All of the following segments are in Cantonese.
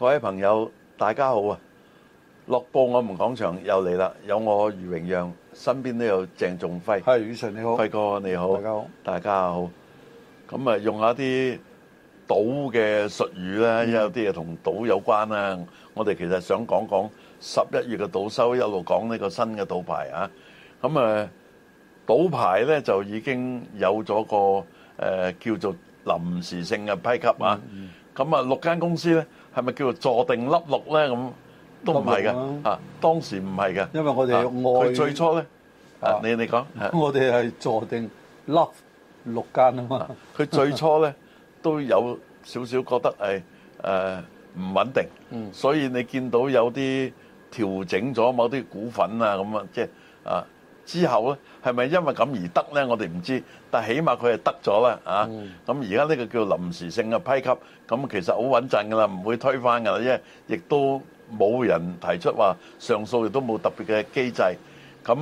各位朋友，大家好啊！樂報，我們講場又嚟啦。有我余榮讓，身邊都有鄭仲輝。係雨晨你好，輝哥你好，大家好，大家好。咁啊，用下啲賭嘅術語咧，因為有啲嘢同賭有關啦。我哋其實想講講十一月嘅賭收，一路講呢個新嘅賭牌啊。咁啊，賭牌咧就已經有咗個誒叫做臨時性嘅批級啊。咁啊，六間公司咧。係咪叫做坐定粒六咧？咁都唔係嘅，啊，當時唔係嘅，因為我哋愛佢最初咧，啊，你你講，我哋係坐定粒六間啊嘛，佢最初咧都有少少覺得係誒唔穩定，嗯，所以你見到有啲調整咗某啲股份啊，咁啊，即係啊。之後咧，係咪因為咁而得咧？我哋唔知，但起碼佢係得咗啦啊！咁而家呢個叫臨時性嘅批給，咁其實好穩陣㗎啦，唔會推翻㗎啦，因為亦都冇人提出話上訴，亦都冇特別嘅機制。咁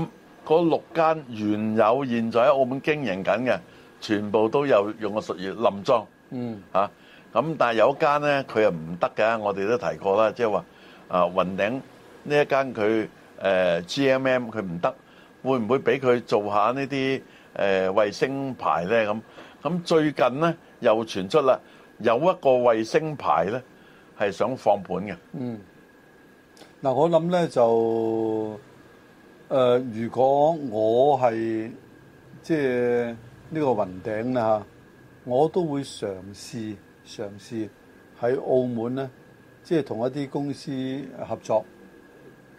嗰六間原有現在喺澳門經營緊嘅，全部都有用個屬於冧裝，嗯啊咁。但係有一間咧，佢又唔得㗎。我哋都提過啦，即係話啊雲頂呢一間佢誒 G M M 佢唔得。會唔會俾佢做下呢啲誒衛星牌咧？咁咁最近咧又傳出啦，有一個衛星牌咧係想放盤嘅。嗯，嗱，我諗咧就誒、呃，如果我係即係呢個雲頂啦，我都會嘗試嘗試喺澳門咧，即係同一啲公司合作，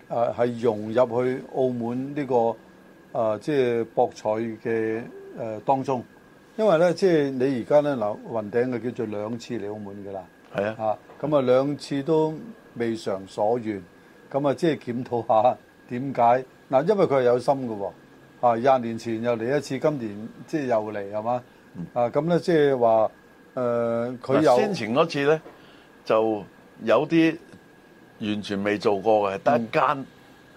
係、呃、融入去澳門呢、這個。啊，即係博彩嘅誒、呃、當中，因為咧，即係你而家咧，嗱，雲頂就叫做兩次嚟澳門嘅啦，係是啊，啊，嚇，咁啊兩次都未償所願，咁啊即係檢討下點解嗱，因為佢係有心嘅喎，廿、啊、年前又嚟一次，今年係嚟係、嗯啊、即係又嚟係嘛，啊咁咧即係話誒，佢先前嗰次咧就有啲完全未做過嘅，得一間。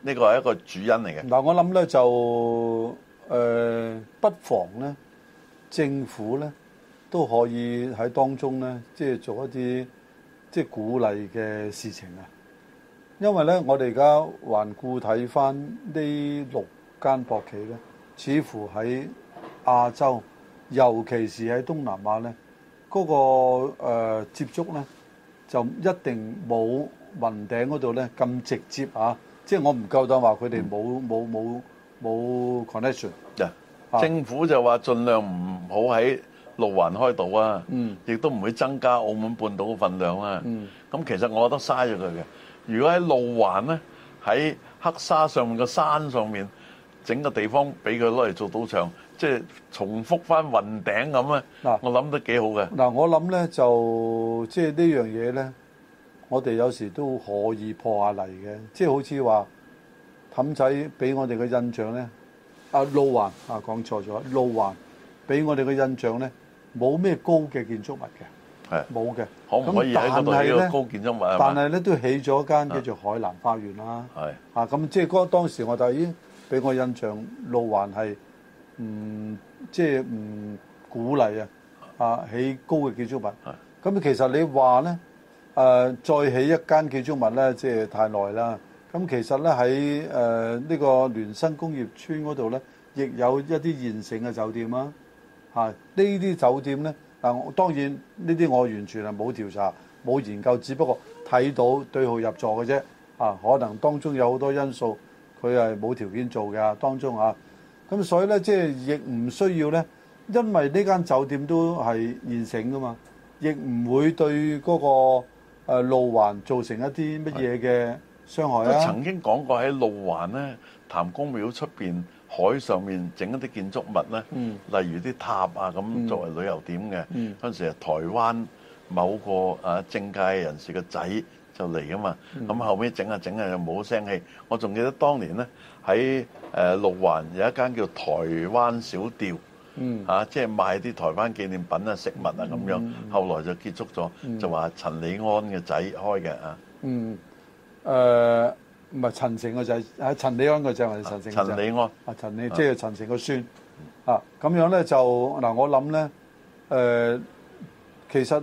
呢個係一個主因嚟嘅。嗱，我諗咧就誒，不妨咧政府咧都可以喺當中咧，即係做一啲即係鼓勵嘅事情啊。因為咧，我哋而家環顧睇翻呢六間博企咧，似乎喺亞洲，尤其是喺東南亞咧，嗰個誒接觸咧就一定冇雲頂嗰度咧咁直接啊。即係我唔夠膽話佢哋冇冇冇冇 connection yeah，啊。政府就話盡量唔好喺路環開島啊，亦、嗯、都唔會增加澳門半島嘅份量啊。咁、嗯嗯、其實我覺得嘥咗佢嘅。如果喺路環咧，喺黑沙上面嘅山上面整個地方俾佢攞嚟做賭場，即係重複翻雲頂咁咧、啊啊，我諗都幾好嘅。嗱，我諗咧就即係呢樣嘢咧。我哋有時都可以破下例嘅，即係好似話氹仔俾我哋嘅印象咧，啊路環啊講錯咗，路環俾、啊、我哋嘅印象咧，冇咩高嘅建築物嘅，係冇嘅。的可唔可以喺度起高建築物係？但係咧都起咗間叫做海南花園啦。係啊，咁、啊、即係嗰當時我哋已經俾我印象路環係唔、嗯、即係唔鼓勵啊啊起高嘅建築物。咁的，其實你話咧。誒再起一間建築物咧，即係太耐啦。咁其實咧喺誒呢個聯生工業村嗰度咧，亦有一啲現成嘅酒店啊。嚇，呢啲酒店咧，嗱當然呢啲我完全係冇調查、冇研究，只不過睇到對號入座嘅啫。啊，可能當中有好多因素，佢係冇條件做嘅。當中啊，咁所以咧，即係亦唔需要咧，因為呢間酒店都係現成噶嘛，亦唔會對嗰個。誒路環造成一啲乜嘢嘅傷害啊！曾經講過喺路環咧，潭公廟出邊海上面整一啲建築物咧，例如啲塔啊咁作為旅遊點嘅。嗰陣時係台灣某個啊政界人士嘅仔就嚟啊嘛，咁後尾整下整下又冇聲氣。我仲記得當年咧喺誒路環有一間叫台灣小調。嗯，嚇、啊，即、就、係、是、賣啲台灣紀念品啊、食物啊咁樣，嗯、後來就結束咗，就話陳李安嘅仔開嘅啊。嗯，誒、啊嗯，唔、呃、係陳誠嘅仔，係陳李安嘅仔，還是陳李安啊，陳李即係陳誠嘅孫啊。咁、啊、樣咧就嗱、呃，我諗咧、呃、其實誒嗱、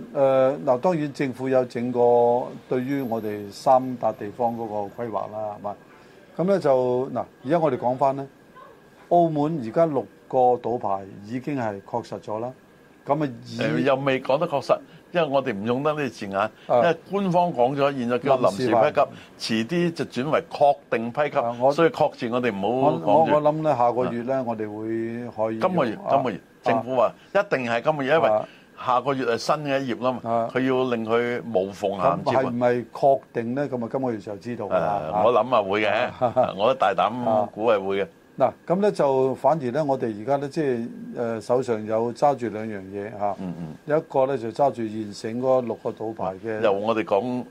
呃，當然政府有整個對於我哋三笪地方嗰個規劃啦，係咪？咁咧就嗱，而、呃、家我哋講翻咧，澳門而家六個賭牌已經係確實咗啦，咁啊，又未講得確實，因為我哋唔用得呢啲字眼，因為官方講咗，現在叫臨時批給，遲啲就轉為確定批給，所以確實我哋唔好講住。我我諗咧，下個月咧，我哋會可以。今個月，今個月政府話一定係今個月，因為下個月係新嘅一頁啦嘛，佢要令佢無縫銜接。咁係唔係確定咧？咁啊，今個月就知道啦。我諗啊，會嘅，我都大膽估係會嘅。嗱，咁咧就反而咧，我哋而家咧即係手上有揸住兩樣嘢，嗯，有一個咧就揸住現成嗰六個賭牌嘅、嗯，由、嗯嗯嗯、我哋講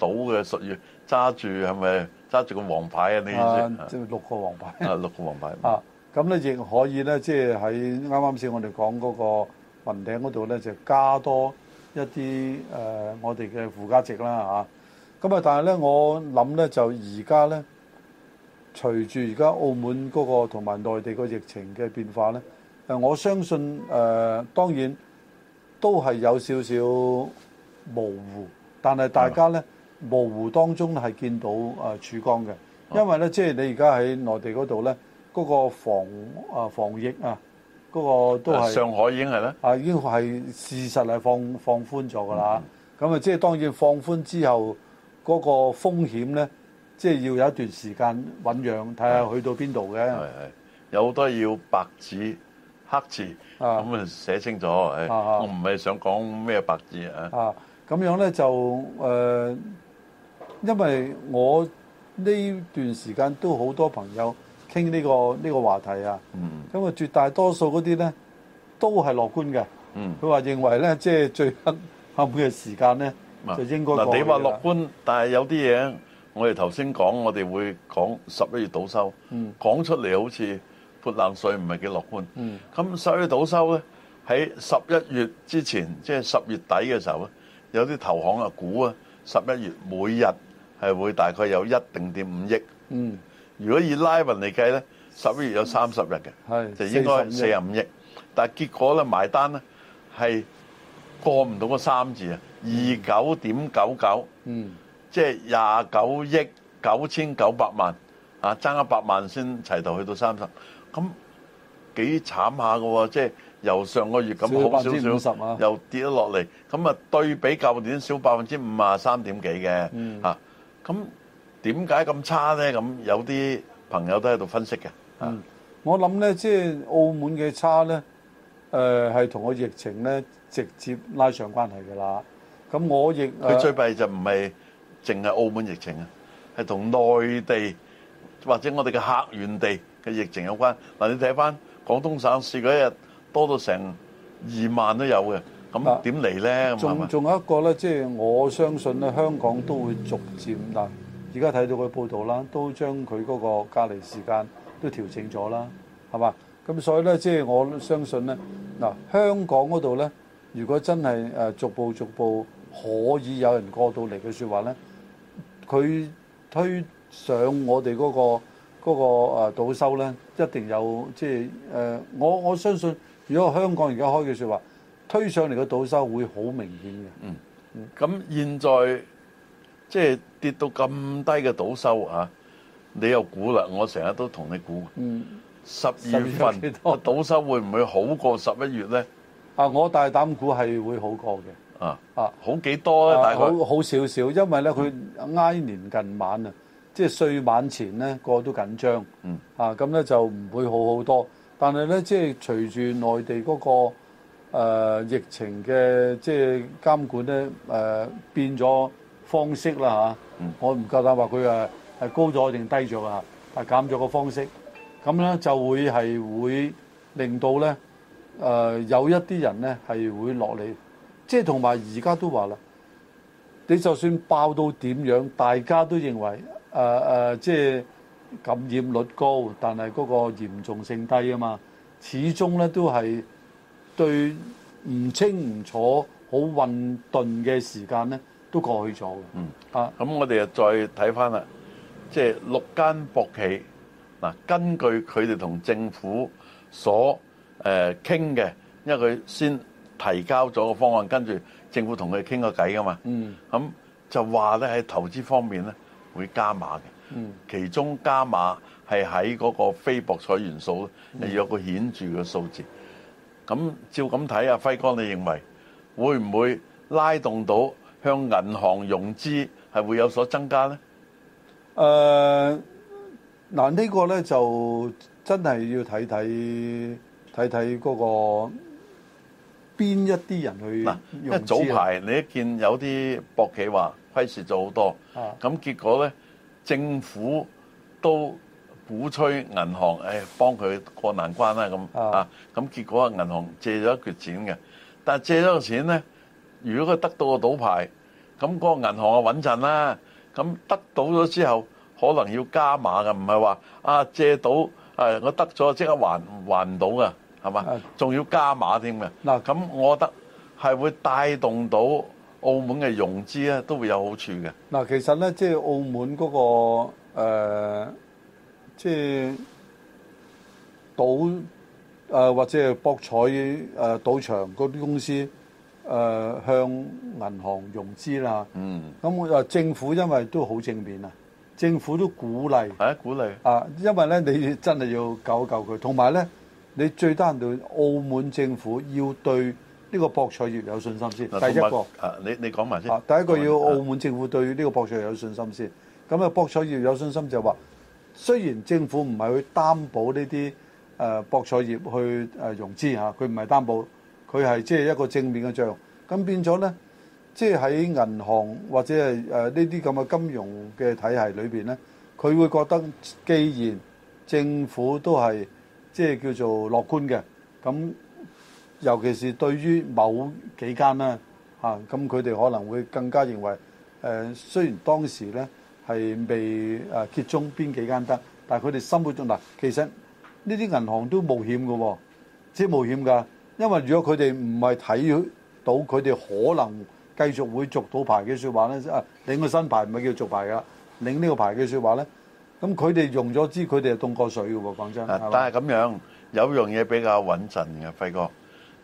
賭嘅屬於揸住係咪揸住個王牌啊？你意思？啊，六個王牌啊，六個王牌。啊，六個王牌。啊，咁咧亦可以咧，即係喺啱啱先我哋講嗰個雲頂嗰度咧，就加多一啲誒、呃、我哋嘅附加值啦嚇。咁啊，但係咧我諗咧就而家咧。隨住而家澳門嗰個同埋內地個疫情嘅變化呢，我相信、呃、當然都係有少少模糊，但係大家呢、嗯、模糊當中係見到誒曙、呃、光嘅，因為呢，即係你而家喺內地嗰度呢，嗰、嗰個防啊、呃、防疫啊嗰、嗰個都係上海已經係呢啊已經係事實係放放寬咗㗎啦，咁啊、嗯、即係當然放寬之後嗰、嗰個風險呢。即係要有一段時間醞釀，睇下去到邊度嘅。係係，有好多要白紙黑字啊，咁啊寫清楚。係，啊、我唔係想講咩白紙啊。啊，咁、啊、樣咧就誒、呃，因為我呢段時間都好多朋友傾呢、呢個呢、呢個話題啊。嗯。因為絕大多數嗰啲咧都係樂觀嘅。嗯。佢話認為咧，即係最近後半嘅時間咧，啊、就應該嗱。你話樂觀，但係有啲嘢。我哋頭先講，我哋會講十一月賭收，講出嚟好似潑冷水，唔係幾樂觀。咁十一月賭收咧，喺十一月之前，即係十月底嘅時候咧，有啲投行啊估啊，十一月每日係會大概有一點五億。嗯，如果以拉勻嚟計咧，十一月有三十日嘅，係就應該四十五億。但係結果咧埋單咧係過唔到個三字啊，二九點九九。嗯。即係廿九億九千九百萬啊，爭一百萬先齊頭去到三十，咁幾慘下㗎喎！即係由上個月咁好少少，少，又跌咗落嚟，咁啊對比舊年少百分之五啊，三點幾嘅嚇。咁點解咁差咧？咁有啲朋友都喺度分析嘅。嗯、啊，我諗咧，即係澳門嘅差咧，誒係同個疫情咧直接拉上關係㗎啦。咁我亦佢最弊就唔係。淨係澳門疫情啊，係同內地或者我哋嘅客源地嘅疫情有關。嗱，你睇翻廣東省市嗰一日多到成二萬都有嘅，咁點嚟咧？仲仲有一個咧，即係我相信咧，香港都會逐漸啦。而家睇到佢報道啦，都將佢嗰個隔離時間都調整咗啦，係嘛？咁所以咧，即係我相信咧，嗱，香港嗰度咧，如果真係誒逐步逐步可以有人過到嚟嘅説話咧。佢推上我哋嗰、那個嗰、那個誒賭收咧，一定有即係誒、呃、我我相信，如果香港而家開嘅說話，推上嚟嘅賭收會好明顯嘅、嗯。嗯，咁現在即係、就是、跌到咁低嘅賭收啊！你又估啦，我成日都同你估。會會嗯，十二月份賭收會唔會好過十一月咧？啊，我大膽估係會好過嘅。啊好幾多咧、啊，大概好好少少，因為咧佢挨年近晚啊，即係歲晚前咧個個都緊張，啊咁咧就唔會好好多。但係咧，即係隨住內地嗰、嗰個、呃、疫情嘅即係監管咧誒、呃、變咗方式啦，我唔夠膽話佢係高咗定低咗啊，減咗、嗯、個方式，咁咧就會係會令到咧誒、呃、有一啲人咧係會落嚟。即係同埋而家都話啦，你就算爆到點樣，大家都認為誒誒、呃呃，即係感染率高，但係嗰個嚴重性低啊嘛。始終咧都係對唔清唔楚、好混沌嘅時間咧，都過去咗嘅。嗯啊，咁我哋又再睇返啦，即係六間博企嗱，根據佢哋同政府所誒傾嘅，因為佢先提交咗個方案，跟住政府同佢傾個偈㗎嘛，咁、嗯、就話咧喺投資方面咧會加碼嘅，嗯、其中加碼係喺嗰個非博彩元素咧，有個顯著嘅數字。咁、嗯、照咁睇啊，輝哥，你認為會唔會拉動到向銀行融資係會有所增加咧？誒、呃、嗱、這個、呢個咧就真係要睇睇睇睇嗰個。邊一啲人去？嗱、啊，因為早排你一見有啲博企話虧蝕咗好多，咁、啊、結果咧政府都鼓吹銀行誒、哎、幫佢過難關啦，咁啊咁、啊啊、結果啊銀行借咗一橛錢嘅，但係借咗個錢咧，嗯、如果佢得到個賭牌，咁嗰個銀行啊穩陣啦，咁得到咗之後可能要加碼㗎，唔係話啊借到誒、哎、我得咗即刻還還唔到㗎。係嘛？仲要加碼添嘅。嗱，咁我覺得係會帶動到澳門嘅融資咧，都會有好處嘅。嗱，其實咧，即係澳門嗰個、呃、即係賭誒或者係博彩誒賭場嗰啲公司誒、呃、向銀行融資啦。嗯。咁我話政府因為都好正面啊，政府都鼓勵。係、啊、鼓勵。啊，因為咧，你真係要救救佢，同埋咧。你最得人對澳門政府要對呢個博彩業有信心先。第一個，你你講埋先。第一個要澳門政府對呢個博彩業有信心先。咁啊，博彩業有信心就係話，雖然政府唔係去擔保呢啲誒博彩業去誒融資嚇，佢唔係擔保，佢係即係一個正面嘅作用。咁變咗呢，即係喺銀行或者係誒呢啲咁嘅金融嘅體系裏邊呢，佢會覺得既然政府都係。即係叫做樂觀嘅，咁尤其是對於某幾間啦，嚇咁佢哋可能會更加認為，誒雖然當時咧係未誒揭中邊幾間得，但係佢哋心目中嗱，其實呢啲銀行都冒險嘅喎，即係冒險㗎，因為如果佢哋唔係睇到佢哋可能繼續會續到牌嘅説話咧，啊領個新牌唔係叫續牌㗎啦，領呢個牌嘅説話咧。咁佢哋用咗支，佢哋又凍過水嘅喎。講真，但係咁樣有樣嘢比較穩陣嘅，輝哥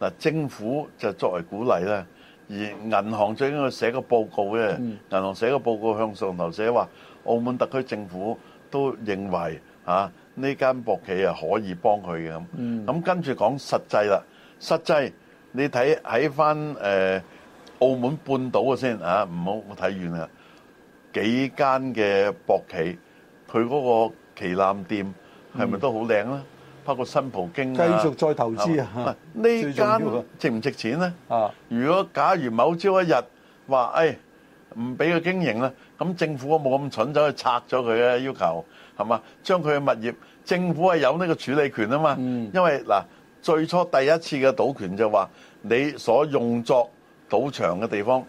嗱，政府就作為鼓勵啦。而銀行最緊要寫個報告咧，銀行寫個報告向上頭寫話，澳門特區政府都認為啊，呢間博企啊可以幫佢嘅咁。咁跟住講實際啦，實際你睇喺翻誒澳門半島嘅先啊，唔好睇遠啊，幾間嘅博企。佢嗰個旗艦店係咪都好靚啦？嗯、包括新葡京啊，繼續再投資吧啊！呢間值唔值錢咧？啊！如果假如某朝一日話，誒唔俾佢經營咧，咁政府都冇咁蠢走去拆咗佢嘅要求係嘛？將佢嘅物業，政府係有呢個處理權啊嘛。嗯、因為嗱、啊，最初第一次嘅賭權就話，你所用作賭場嘅地方。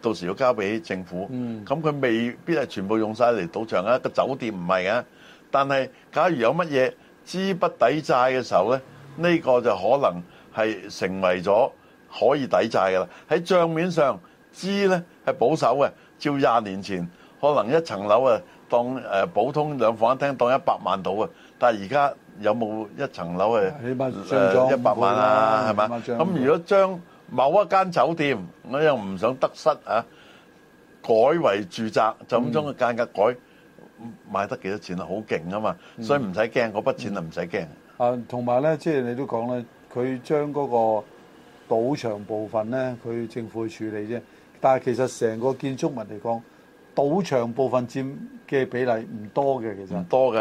到時要交俾政府，嗯，咁佢未必係全部用晒嚟賭場啊！個酒店唔係啊，但係假如有乜嘢資不抵債嘅時候咧，呢個就可能係成為咗可以抵債㗎啦。喺帳面上，資咧係保守嘅，照廿年前可能一層樓啊當普通兩房一廳當一百萬到啊，但係而家有冇一層樓啊？一百一百萬啦，係咪？咁如果將某一間酒店，我又唔想得失啊，改為住宅，就咁將個價格改賣得幾多錢啦？好勁啊嘛，所以唔使驚，嗰筆錢就唔使驚。啊，同埋咧，即係你都講咧，佢將嗰個賭場部分咧，佢政府去處理啫。但係其實成個建築物嚟講，賭場部分佔嘅比例唔多嘅，其實唔多嘅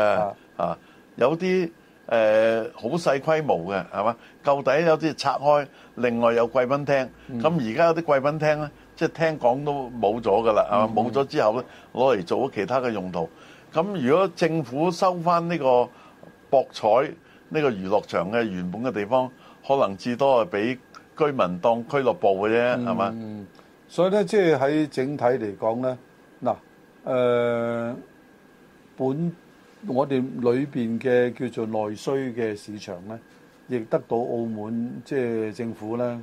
啊，有啲。誒好細規模嘅係嘛？舊底有啲拆開，另外有貴賓廳。咁而家有啲貴賓廳咧，即係聽講都冇咗㗎啦，係嘛？冇咗之後咧，攞嚟做其他嘅用途。咁如果政府收返呢個博彩呢個娛樂場嘅原本嘅地方，可能至多係俾居民當俱樂部嘅啫，係嘛？所以咧，即係喺整體嚟講咧，嗱誒本。我哋裏邊嘅叫做內需嘅市場呢，亦得到澳門即係政府呢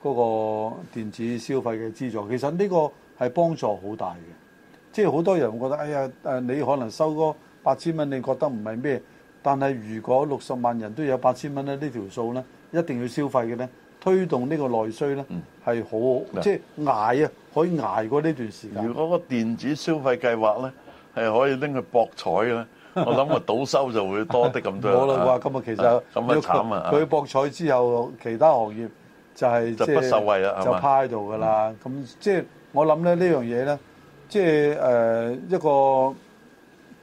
嗰個電子消費嘅資助。其實呢個係幫助好大嘅，即係好多人會覺得，哎呀，你可能收嗰八千蚊，你覺得唔係咩？但係如果六十萬人都有八千蚊咧，呢這條數呢，一定要消費嘅呢，推動呢個內需呢係好即係捱啊，可以捱過呢段時間。嗯嗯。如果個電子消費計劃呢，係可以拎去博彩呢。 我諗個賭收就會多啲咁多。好啦啩？今日其實咁啊慘啊！佢博彩之後，其他行業就係就， 就不受惠啦，就趴喺度噶啦。咁即係我諗咧，呢樣嘢咧，即係誒、呃、一個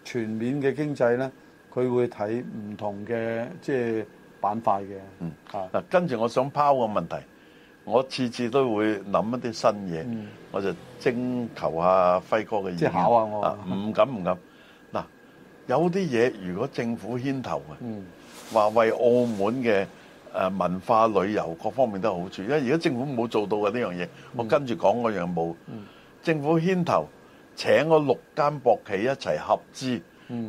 全面嘅經濟咧，佢會睇唔同嘅即係板塊嘅、啊。嗯，嗱，跟住我想拋個問題，我次次都會諗一啲新嘢，嗯、我就徵求下輝哥嘅意見。即考下我啊我？唔敢唔敢？有啲嘢如果政府牽頭嘅話，為澳門嘅文化旅遊各方面都有好處。因為而家政府冇做到嘅呢樣嘢，我跟住講嗰樣冇。政府牽頭，請個六間博企一齊合資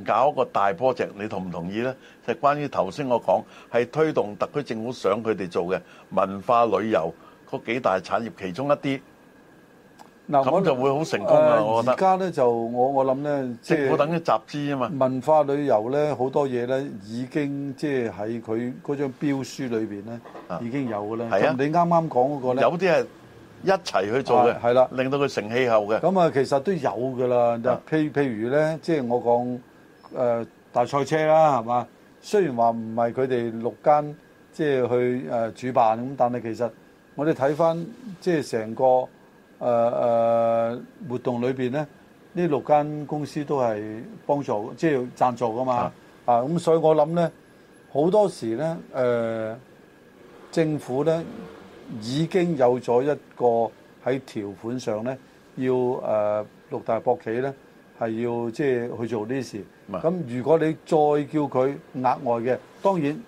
搞一個大 project，你同唔同意咧？就關於頭先我講，係推動特區政府想佢哋做嘅文化旅遊嗰幾大產業其中一啲。嗱，咁就會好成功啦、呃！我覺得。而家咧就我我諗咧即係，我等於集資啊嘛。就是、文化旅遊咧，好多嘢咧已經即係喺佢嗰張標書裏面咧、啊、已經有嘅啦係啊！你啱啱講嗰個咧。有啲係一齊去做嘅，係啦、啊，令到佢成氣候嘅。咁啊、嗯嗯，其實都有嘅啦、啊。就譬譬如咧，即係我講誒、呃、大賽車啦，係嘛？雖然話唔係佢哋六間即係、就是、去誒、呃、主辦咁，但係其實我哋睇翻即係成個。誒誒、呃、活動裏面咧，呢六間公司都係幫助，即係贊助㗎嘛。啊，咁、啊、所以我諗咧，好多時咧，誒、呃、政府咧已經有咗一個喺條款上咧，要誒、呃、六大博企咧係要即係、就是、去做呢啲事。咁、啊、如果你再叫佢額外嘅，當然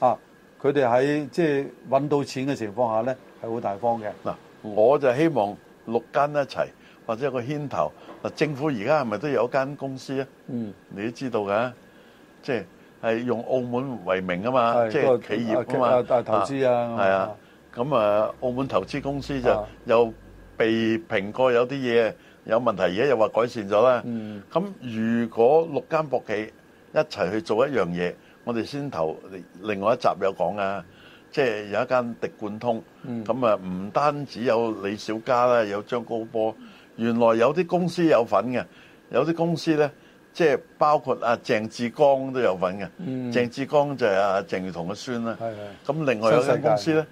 啊，佢哋喺即係揾到錢嘅情況下咧，係好大方嘅。嗱、啊，我就希望。六間一齊，或者一個牽頭嗱，政府而家係咪都有一間公司咧？嗯，你都知道㗎，即係用澳門為名啊嘛，即係企業啊嘛，大投資啊，係啊，咁啊，澳門投資公司就又被評過有啲嘢有問題，而家又話改善咗啦。咁如果六間博企一齊去做一樣嘢，我哋先頭另外一集有講啊。即係有一間滴灌通，咁啊唔單止有李小加啦，有張高波，原來有啲公司有份嘅，有啲公司咧，即係包括阿鄭志剛都有份嘅，鄭志剛就係阿鄭裕彤嘅孫啦。咁另外有間公司咧，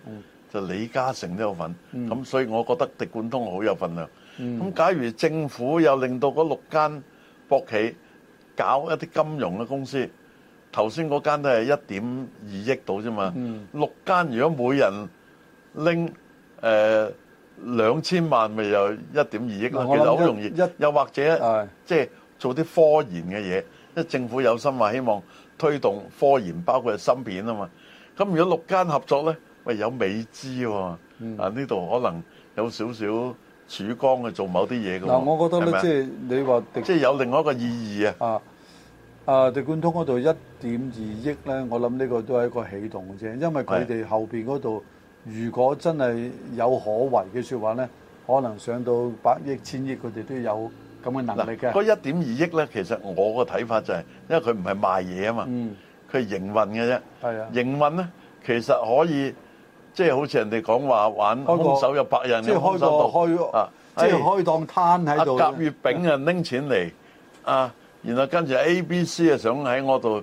就李嘉誠都有份，咁所以我覺得滴灌通好有份量。咁假如政府又令到嗰六間博企搞一啲金融嘅公司，頭先嗰間都係一點二億到啫嘛，六間如果每人拎誒兩千萬，咪又一點二億啦。其實好容易，又或者即係做啲科研嘅嘢，因為政府有心話希望推動科研，包括係芯片啊嘛。咁如果六間合作咧，喂有美資喎，啊呢度可能有少少曙光去做某啲嘢嘅。嗱，我覺得咧，即係你話即係有另外一個意義啊。啊啊，地貫通嗰度一點二億咧？我諗呢個都係一個起動嘅啫，因為佢哋後邊嗰度，如果真係有可為嘅説話咧，可能上到百億、千億，佢哋都有咁嘅能力嘅。嗰一點二億咧，其實我個睇法就係，因為佢唔係賣嘢啊嘛，佢係營運嘅啫。營運咧，其實可以即係好似人哋講話玩空手入白刃嘅開到開啊，即係開檔攤喺度。甲乙丙啊拎錢嚟啊，然後跟住 A B C 啊想喺我度。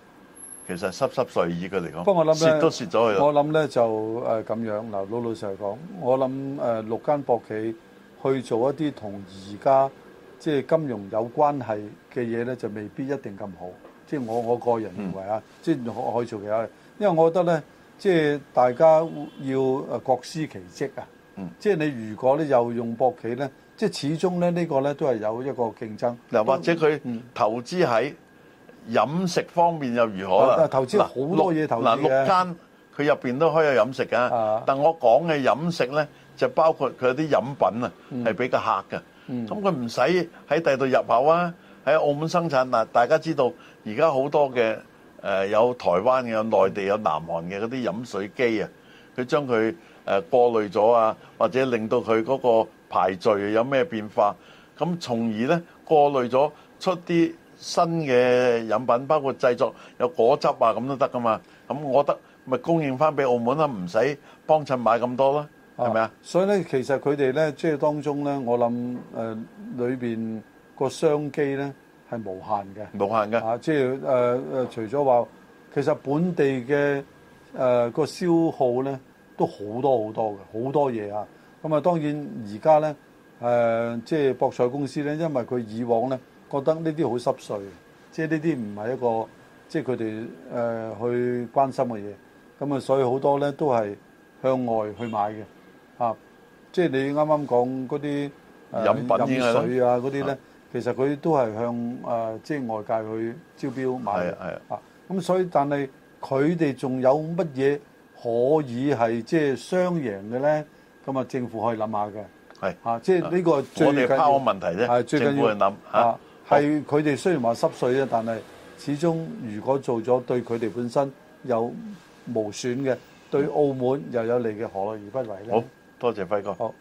其實是濕濕碎意嘅嚟講，不過我諗呢蝕都蝕咗佢啦。我諗咧就誒咁樣嗱，老老實實講，我諗誒六間博企去做一啲同而家即係金融有關係嘅嘢咧，就未必一定咁好。即係我我個人認為啊，即係可以做其他，因為我覺得咧，即係大家要誒各司其職啊。即係、嗯、你如果咧又用博企咧，即係始終咧呢個咧都係有一個競爭。嗱，或者佢投資喺。飲食方面又如何啦？投資好多嘢投資嗱六,六間佢入邊都可以有飲食嘅。啊、但我講嘅飲食咧，就包括佢啲飲品啊，係比較客嘅。咁佢唔使喺第度入口啊，喺澳門生產嗱。大家知道而家好多嘅誒，有台灣嘅、有內地、有南韓嘅嗰啲飲水機啊，佢將佢誒過濾咗啊，或者令到佢嗰個排序有咩變化，咁從而咧過濾咗出啲，新嘅飲品，包括製作有果汁啊，咁都得噶嘛？咁我覺得咪供應翻俾澳門啦，唔使幫襯買咁多啦，係咪啊？啊是是所以咧，其實佢哋咧，即係當中咧，我諗誒裏面個商機咧係無限嘅，無限嘅，即係誒除咗話其實本地嘅誒個消耗咧都好多好多嘅，好多嘢啊！咁啊，當然而家咧誒，即係博彩公司咧，因為佢以往咧。覺得呢啲好濕碎，即係呢啲唔係一個，即係佢哋誒去關心嘅嘢，咁啊，所以好多咧都係向外去買嘅，啊，即係你啱啱講嗰啲飲品、水啊嗰啲咧，其實佢都係向誒即係外界去招標買嘅，啊，咁所以但係佢哋仲有乜嘢可以係即係雙贏嘅咧？咁啊，政府可以諗下嘅，係啊，即係呢個我哋拋個問題啫，政府嚟諗嚇。係佢哋雖然話濕碎啊，但係始終如果做咗對佢哋本身有無損嘅，對澳門又有利嘅，何樂而不為呢？好多謝輝哥。